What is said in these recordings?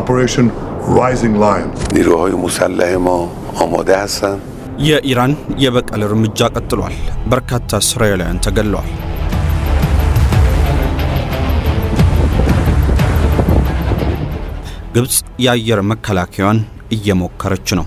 Operation Rising Lion نیروهای مسلح ما آماده هستند የኢራን የበቀል እርምጃ ቀጥሏል። በርካታ እስራኤላውያን ተገለዋል። ግብፅ የአየር መከላከያዋን እየሞከረች ነው።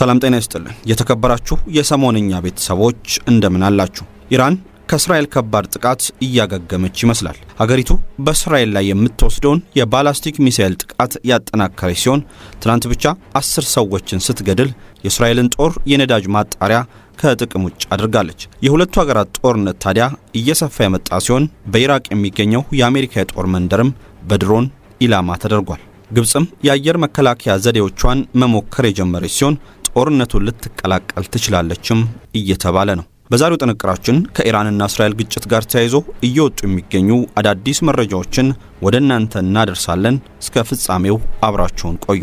ሰላም ጤና ይስጥልን። የተከበራችሁ የሰሞንኛ ቤተሰቦች እንደምን አላችሁ? ኢራን ከእስራኤል ከባድ ጥቃት እያገገመች ይመስላል። ሀገሪቱ በእስራኤል ላይ የምትወስደውን የባላስቲክ ሚሳኤል ጥቃት ያጠናከረች ሲሆን ትናንት ብቻ አስር ሰዎችን ስትገድል የእስራኤልን ጦር የነዳጅ ማጣሪያ ከጥቅም ውጭ አድርጋለች። የሁለቱ ሀገራት ጦርነት ታዲያ እየሰፋ የመጣ ሲሆን በኢራቅ የሚገኘው የአሜሪካ የጦር መንደርም በድሮን ኢላማ ተደርጓል። ግብፅም የአየር መከላከያ ዘዴዎቿን መሞከር የጀመረች ሲሆን ጦርነቱን ልትቀላቀል ትችላለችም እየተባለ ነው። በዛሬው ጥንቅራችን ከኢራንና እስራኤል ግጭት ጋር ተያይዞ እየወጡ የሚገኙ አዳዲስ መረጃዎችን ወደ እናንተ እናደርሳለን። እስከ ፍጻሜው አብራችሁን ቆዩ።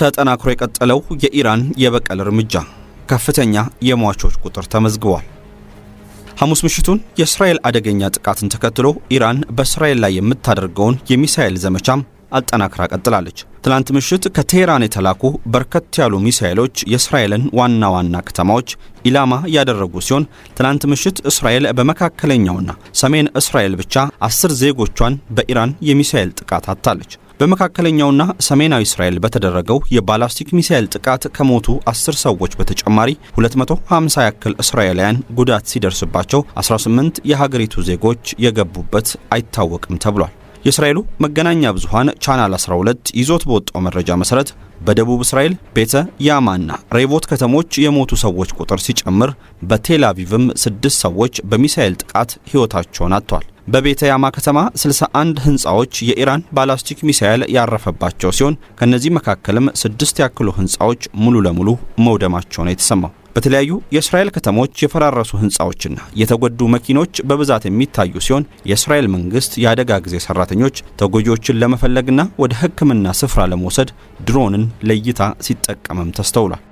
ተጠናክሮ የቀጠለው የኢራን የበቀል እርምጃ ከፍተኛ የሟቾች ቁጥር ተመዝግቧል። ሐሙስ ምሽቱን የእስራኤል አደገኛ ጥቃትን ተከትሎ ኢራን በእስራኤል ላይ የምታደርገውን የሚሳኤል ዘመቻም አጠናክራ ቀጥላለች። ትላንት ምሽት ከቴህራን የተላኩ በርከት ያሉ ሚሳኤሎች የእስራኤልን ዋና ዋና ከተማዎች ኢላማ ያደረጉ ሲሆን ትላንት ምሽት እስራኤል በመካከለኛውና ሰሜን እስራኤል ብቻ አስር ዜጎቿን በኢራን የሚሳኤል ጥቃት አጥታለች። በመካከለኛውና ሰሜናዊ እስራኤል በተደረገው የባላስቲክ ሚሳኤል ጥቃት ከሞቱ 10 ሰዎች በተጨማሪ 250 ያክል እስራኤላውያን ጉዳት ሲደርስባቸው 18 የሀገሪቱ ዜጎች የገቡበት አይታወቅም ተብሏል። የእስራኤሉ መገናኛ ብዙኃን ቻናል 12 ይዞት በወጣው መረጃ መሠረት በደቡብ እስራኤል ቤተ ያማና ሬቮት ከተሞች የሞቱ ሰዎች ቁጥር ሲጨምር በቴል አቪቭም ስድስት ሰዎች በሚሳኤል ጥቃት ሕይወታቸውን አጥተዋል። በቤተ ያማ ከተማ 61 ህንፃዎች የኢራን ባላስቲክ ሚሳኤል ያረፈባቸው ሲሆን ከእነዚህ መካከልም ስድስት ያክሉ ህንፃዎች ሙሉ ለሙሉ መውደማቸው ነው የተሰማው። በተለያዩ የእስራኤል ከተሞች የፈራረሱ ህንፃዎችና የተጎዱ መኪኖች በብዛት የሚታዩ ሲሆን የእስራኤል መንግስት የአደጋ ጊዜ ሰራተኞች ተጎጂዎችን ለመፈለግና ወደ ሕክምና ስፍራ ለመውሰድ ድሮንን ለእይታ ሲጠቀምም ተስተውሏል።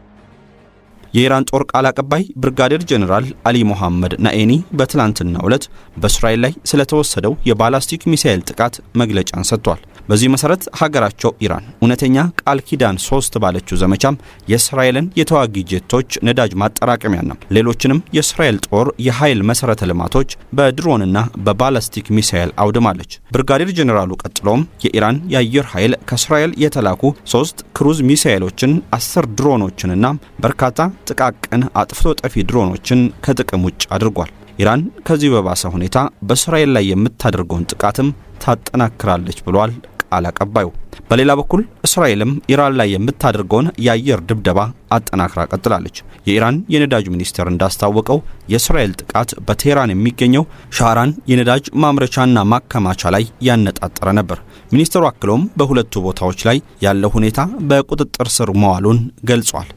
የኢራን ጦር ቃል አቀባይ ብርጋዴር ጀኔራል አሊ ሞሐመድ ናኤኒ በትላንትናው ዕለት በእስራኤል ላይ ስለተወሰደው የባላስቲክ ሚሳኤል ጥቃት መግለጫን ሰጥቷል። በዚህ መሰረት ሀገራቸው ኢራን እውነተኛ ቃል ኪዳን ሶስት ባለችው ዘመቻም የእስራኤልን የተዋጊ ጄቶች ነዳጅ ማጠራቀሚያና ሌሎችንም የእስራኤል ጦር የኃይል መሰረተ ልማቶች በድሮንና በባላስቲክ ሚሳኤል አውድማለች። ብርጋዴር ጀኔራሉ ቀጥሎም የኢራን የአየር ኃይል ከእስራኤል የተላኩ ሶስት ክሩዝ ሚሳኤሎችን፣ አስር ድሮኖችንና በርካታ ጥቃቅን አጥፍቶ ጠፊ ድሮኖችን ከጥቅም ውጭ አድርጓል። ኢራን ከዚህ በባሰ ሁኔታ በእስራኤል ላይ የምታደርገውን ጥቃትም ታጠናክራለች ብሏል ቃል አቀባዩ። በሌላ በኩል እስራኤልም ኢራን ላይ የምታደርገውን የአየር ድብደባ አጠናክራ ቀጥላለች። የኢራን የነዳጅ ሚኒስቴር እንዳስታወቀው የእስራኤል ጥቃት በቴህራን የሚገኘው ሻራን የነዳጅ ማምረቻና ማከማቻ ላይ ያነጣጠረ ነበር። ሚኒስቴሩ አክሎም በሁለቱ ቦታዎች ላይ ያለው ሁኔታ በቁጥጥር ስር መዋሉን ገልጿል።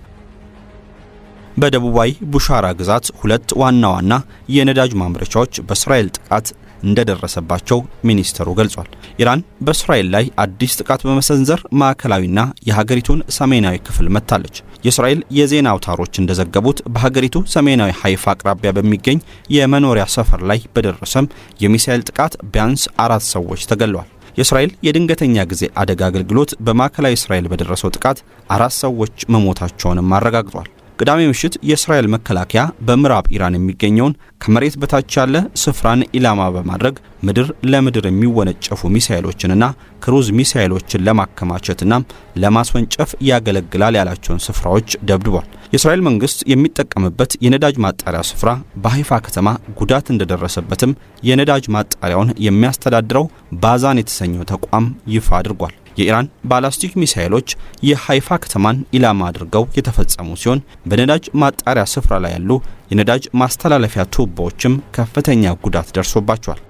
በደቡባዊ ቡሻራ ግዛት ሁለት ዋና ዋና የነዳጅ ማምረቻዎች በእስራኤል ጥቃት እንደደረሰባቸው ሚኒስትሩ ገልጿል። ኢራን በእስራኤል ላይ አዲስ ጥቃት በመሰንዘር ማዕከላዊና የሀገሪቱን ሰሜናዊ ክፍል መታለች። የእስራኤል የዜና አውታሮች እንደዘገቡት በሀገሪቱ ሰሜናዊ ሀይፋ አቅራቢያ በሚገኝ የመኖሪያ ሰፈር ላይ በደረሰም የሚሳኤል ጥቃት ቢያንስ አራት ሰዎች ተገለዋል። የእስራኤል የድንገተኛ ጊዜ አደጋ አገልግሎት በማዕከላዊ እስራኤል በደረሰው ጥቃት አራት ሰዎች መሞታቸውንም አረጋግጧል። ቅዳሜ ምሽት የእስራኤል መከላከያ በምዕራብ ኢራን የሚገኘውን ከመሬት በታች ያለ ስፍራን ኢላማ በማድረግ ምድር ለምድር የሚወነጨፉ ሚሳኤሎችንና ክሩዝ ሚሳኤሎችን ለማከማቸትና ለማስወንጨፍ ያገለግላል ያላቸውን ስፍራዎች ደብድቧል። የእስራኤል መንግስት የሚጠቀምበት የነዳጅ ማጣሪያ ስፍራ በሀይፋ ከተማ ጉዳት እንደደረሰበትም የነዳጅ ማጣሪያውን የሚያስተዳድረው ባዛን የተሰኘው ተቋም ይፋ አድርጓል። የኢራን ባላስቲክ ሚሳይሎች የሃይፋ ከተማን ኢላማ አድርገው የተፈጸሙ ሲሆን በነዳጅ ማጣሪያ ስፍራ ላይ ያሉ የነዳጅ ማስተላለፊያ ቱቦዎችም ከፍተኛ ጉዳት ደርሶባቸዋል።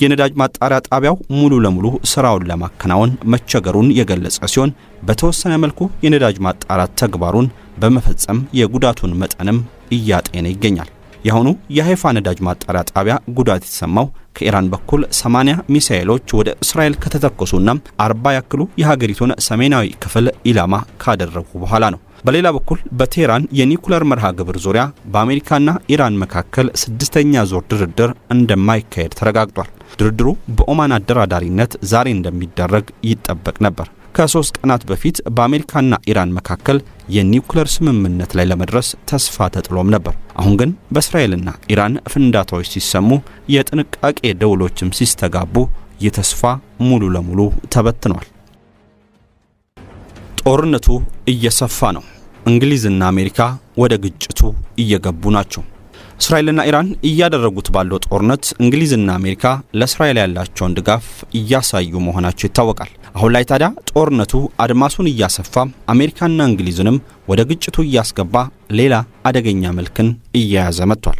የነዳጅ ማጣሪያ ጣቢያው ሙሉ ለሙሉ ስራውን ለማከናወን መቸገሩን የገለጸ ሲሆን በተወሰነ መልኩ የነዳጅ ማጣራት ተግባሩን በመፈጸም የጉዳቱን መጠንም እያጤነ ይገኛል። የአሁኑ የሀይፋ ነዳጅ ማጣሪያ ጣቢያ ጉዳት የተሰማው ከኢራን በኩል 80 ሚሳኤሎች ወደ እስራኤል ከተተኮሱና 40 ያክሉ የሀገሪቱን ሰሜናዊ ክፍል ኢላማ ካደረጉ በኋላ ነው። በሌላ በኩል በቴህራን የኒኩለር መርሃ ግብር ዙሪያ በአሜሪካና ኢራን መካከል ስድስተኛ ዙር ድርድር እንደማይካሄድ ተረጋግጧል። ድርድሩ በኦማን አደራዳሪነት ዛሬ እንደሚደረግ ይጠበቅ ነበር። ከሶስት ቀናት በፊት በአሜሪካና ኢራን መካከል የኒውክለር ስምምነት ላይ ለመድረስ ተስፋ ተጥሎም ነበር። አሁን ግን በእስራኤልና ኢራን ፍንዳታዎች ሲሰሙ፣ የጥንቃቄ ደውሎችም ሲስተጋቡ ይህ ተስፋ ሙሉ ለሙሉ ተበትኗል። ጦርነቱ እየሰፋ ነው። እንግሊዝና አሜሪካ ወደ ግጭቱ እየገቡ ናቸው። እስራኤልና ኢራን እያደረጉት ባለው ጦርነት እንግሊዝና አሜሪካ ለእስራኤል ያላቸውን ድጋፍ እያሳዩ መሆናቸው ይታወቃል። አሁን ላይ ታዲያ ጦርነቱ አድማሱን እያሰፋ አሜሪካና እንግሊዝንም ወደ ግጭቱ እያስገባ ሌላ አደገኛ መልክን እየያዘ መጥቷል።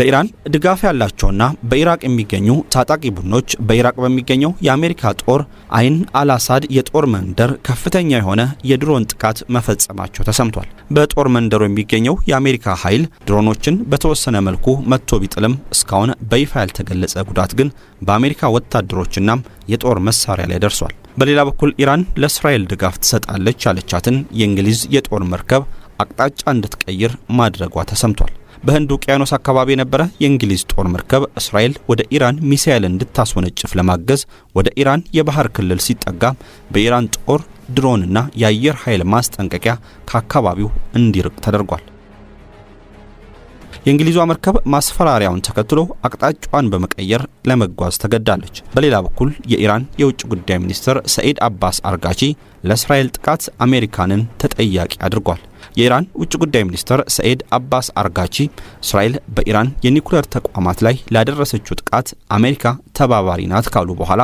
ለኢራን ድጋፍ ያላቸውና በኢራቅ የሚገኙ ታጣቂ ቡድኖች በኢራቅ በሚገኘው የአሜሪካ ጦር አይን አልአሳድ የጦር መንደር ከፍተኛ የሆነ የድሮን ጥቃት መፈጸማቸው ተሰምቷል። በጦር መንደሩ የሚገኘው የአሜሪካ ኃይል ድሮኖችን በተወሰነ መልኩ መጥቶ ቢጥልም እስካሁን በይፋ ያልተገለጸ ጉዳት ግን በአሜሪካ ወታደሮችናም የጦር መሳሪያ ላይ ደርሷል። በሌላ በኩል ኢራን ለእስራኤል ድጋፍ ትሰጣለች ያለቻትን የእንግሊዝ የጦር መርከብ አቅጣጫ እንድትቀይር ማድረጓ ተሰምቷል። በህንድ ውቅያኖስ አካባቢ የነበረ የእንግሊዝ ጦር መርከብ እስራኤል ወደ ኢራን ሚሳኤል እንድታስወነጭፍ ለማገዝ ወደ ኢራን የባህር ክልል ሲጠጋ በኢራን ጦር ድሮንና የአየር ኃይል ማስጠንቀቂያ ከአካባቢው እንዲርቅ ተደርጓል። የእንግሊዟ መርከብ ማስፈራሪያውን ተከትሎ አቅጣጫዋን በመቀየር ለመጓዝ ተገዳለች። በሌላ በኩል የኢራን የውጭ ጉዳይ ሚኒስትር ሰኢድ አባስ አርጋቺ ለእስራኤል ጥቃት አሜሪካንን ተጠያቂ አድርጓል። የኢራን ውጭ ጉዳይ ሚኒስትር ሰኤድ አባስ አርጋቺ እስራኤል በኢራን የኒኩሌር ተቋማት ላይ ላደረሰችው ጥቃት አሜሪካ ተባባሪ ናት ካሉ በኋላ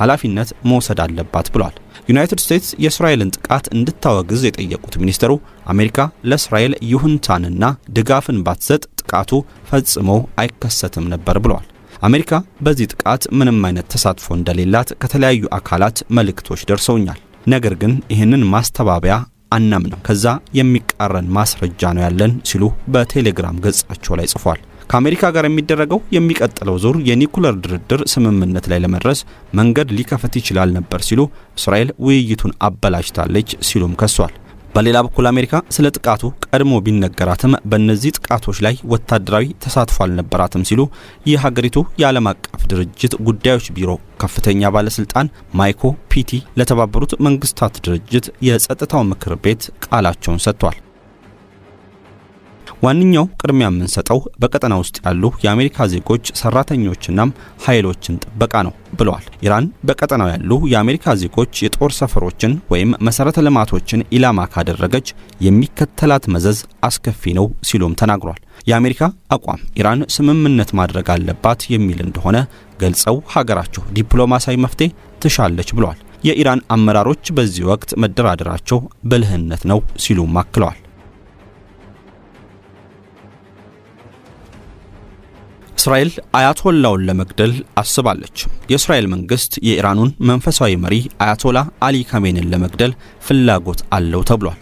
ኃላፊነት መውሰድ አለባት ብሏል። ዩናይትድ ስቴትስ የእስራኤልን ጥቃት እንድታወግዝ የጠየቁት ሚኒስትሩ አሜሪካ ለእስራኤል ይሁንታንና ድጋፍን ባትሰጥ ጥቃቱ ፈጽሞ አይከሰትም ነበር ብሏል። አሜሪካ በዚህ ጥቃት ምንም አይነት ተሳትፎ እንደሌላት ከተለያዩ አካላት መልእክቶች ደርሰውኛል። ነገር ግን ይህንን ማስተባበያ አናምንም፣ ከዛ የሚቃረን ማስረጃ ነው ያለን ሲሉ በቴሌግራም ገጻቸው ላይ ጽፏል። ከአሜሪካ ጋር የሚደረገው የሚቀጥለው ዙር የኒኩለር ድርድር ስምምነት ላይ ለመድረስ መንገድ ሊከፈት ይችላል ነበር ሲሉ እስራኤል ውይይቱን አበላሽታለች ሲሉም ከሷል። በሌላ በኩል አሜሪካ ስለ ጥቃቱ ቀድሞ ቢነገራትም በእነዚህ ጥቃቶች ላይ ወታደራዊ ተሳትፎ አልነበራትም ሲሉ የሀገሪቱ የዓለም አቀፍ ድርጅት ጉዳዮች ቢሮ ከፍተኛ ባለስልጣን ማይኮ ፒቲ ለተባበሩት መንግስታት ድርጅት የጸጥታው ምክር ቤት ቃላቸውን ሰጥቷል። ዋነኛው ቅድሚያ የምንሰጠው በቀጠና ውስጥ ያሉ የአሜሪካ ዜጎች ሰራተኞችና ኃይሎችን ጥበቃ ነው ብለዋል። ኢራን በቀጠናው ያሉ የአሜሪካ ዜጎች የጦር ሰፈሮችን ወይም መሰረተ ልማቶችን ኢላማ ካደረገች የሚከተላት መዘዝ አስከፊ ነው ሲሉም ተናግሯል። የአሜሪካ አቋም ኢራን ስምምነት ማድረግ አለባት የሚል እንደሆነ ገልጸው ሀገራቸው ዲፕሎማሲያዊ መፍትሄ ትሻለች ብለዋል። የኢራን አመራሮች በዚህ ወቅት መደራደራቸው ብልህነት ነው ሲሉም አክለዋል። እስራኤል አያቶላውን ለመግደል አስባለች። የእስራኤል መንግስት የኢራኑን መንፈሳዊ መሪ አያቶላ አሊ ካሜንን ለመግደል ፍላጎት አለው ተብሏል።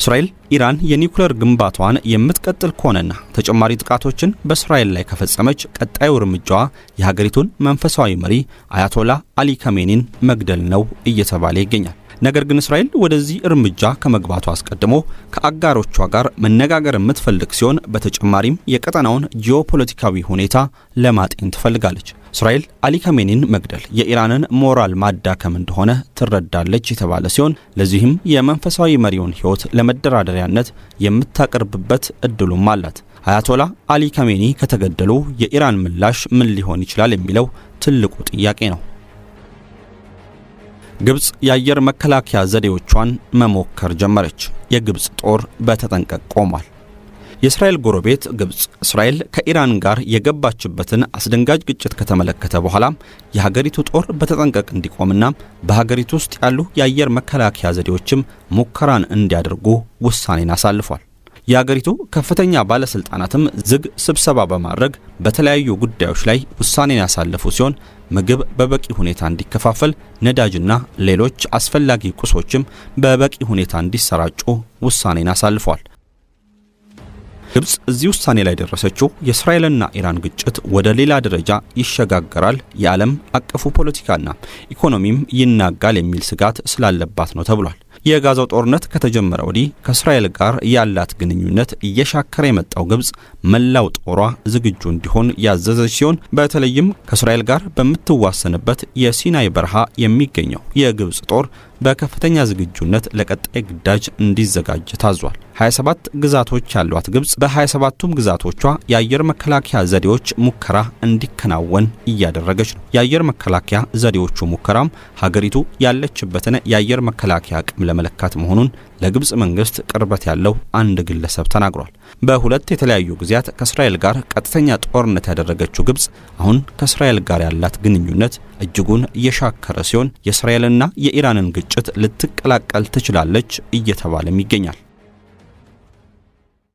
እስራኤል ኢራን የኒውክለር ግንባታዋን የምትቀጥል ከሆነና ተጨማሪ ጥቃቶችን በእስራኤል ላይ ከፈጸመች ቀጣዩ እርምጃዋ የሀገሪቱን መንፈሳዊ መሪ አያቶላ አሊ ካሜኒን መግደል ነው እየተባለ ይገኛል። ነገር ግን እስራኤል ወደዚህ እርምጃ ከመግባቱ አስቀድሞ ከአጋሮቿ ጋር መነጋገር የምትፈልግ ሲሆን በተጨማሪም የቀጠናውን ጂኦፖለቲካዊ ሁኔታ ለማጤን ትፈልጋለች። እስራኤል አሊ ካሜኒን መግደል የኢራንን ሞራል ማዳከም እንደሆነ ትረዳለች የተባለ ሲሆን ለዚህም የመንፈሳዊ መሪውን ሕይወት ለመደራደሪያነት የምታቀርብበት እድሉም አላት። አያቶላ አሊ ካሜኒ ከተገደሉ የኢራን ምላሽ ምን ሊሆን ይችላል የሚለው ትልቁ ጥያቄ ነው። ግብፅ የአየር መከላከያ ዘዴዎቿን መሞከር ጀመረች። የግብፅ ጦር በተጠንቀቅ ቆሟል። የእስራኤል ጎረቤት ግብፅ እስራኤል ከኢራን ጋር የገባችበትን አስደንጋጭ ግጭት ከተመለከተ በኋላ የሀገሪቱ ጦር በተጠንቀቅ እንዲቆምና በሀገሪቱ ውስጥ ያሉ የአየር መከላከያ ዘዴዎችም ሙከራን እንዲያደርጉ ውሳኔን አሳልፏል። የአገሪቱ ከፍተኛ ባለስልጣናትም ዝግ ስብሰባ በማድረግ በተለያዩ ጉዳዮች ላይ ውሳኔን ያሳለፉ ሲሆን ምግብ በበቂ ሁኔታ እንዲከፋፈል፣ ነዳጅና ሌሎች አስፈላጊ ቁሶችም በበቂ ሁኔታ እንዲሰራጩ ውሳኔን አሳልፏል። ግብፅ እዚህ ውሳኔ ላይ ደረሰችው የእስራኤልና ኢራን ግጭት ወደ ሌላ ደረጃ ይሸጋገራል፣ የዓለም አቀፉ ፖለቲካና ኢኮኖሚም ይናጋል የሚል ስጋት ስላለባት ነው ተብሏል። የጋዛው ጦርነት ከተጀመረ ወዲህ ከእስራኤል ጋር ያላት ግንኙነት እየሻከረ የመጣው ግብጽ መላው ጦሯ ዝግጁ እንዲሆን ያዘዘች ሲሆን በተለይም ከእስራኤል ጋር በምትዋሰንበት የሲናይ በረሃ የሚገኘው የግብጽ ጦር በከፍተኛ ዝግጁነት ለቀጣይ ግዳጅ እንዲዘጋጅ ታዟል። 27 ግዛቶች ያሏት ግብጽ በ27ቱም ግዛቶቿ የአየር መከላከያ ዘዴዎች ሙከራ እንዲከናወን እያደረገች ነው። የአየር መከላከያ ዘዴዎቹ ሙከራም ሀገሪቱ ያለችበትን የአየር መከላከያ አቅም ለመለካት መሆኑን ለግብጽ መንግስት ቅርበት ያለው አንድ ግለሰብ ተናግሯል። በሁለት የተለያዩ ጊዜያት ከእስራኤል ጋር ቀጥተኛ ጦርነት ያደረገችው ግብጽ አሁን ከእስራኤል ጋር ያላት ግንኙነት እጅጉን እየሻከረ ሲሆን የእስራኤልና የኢራንን ግጭ ግጭት ልትቀላቀል ትችላለች እየተባለም ይገኛል።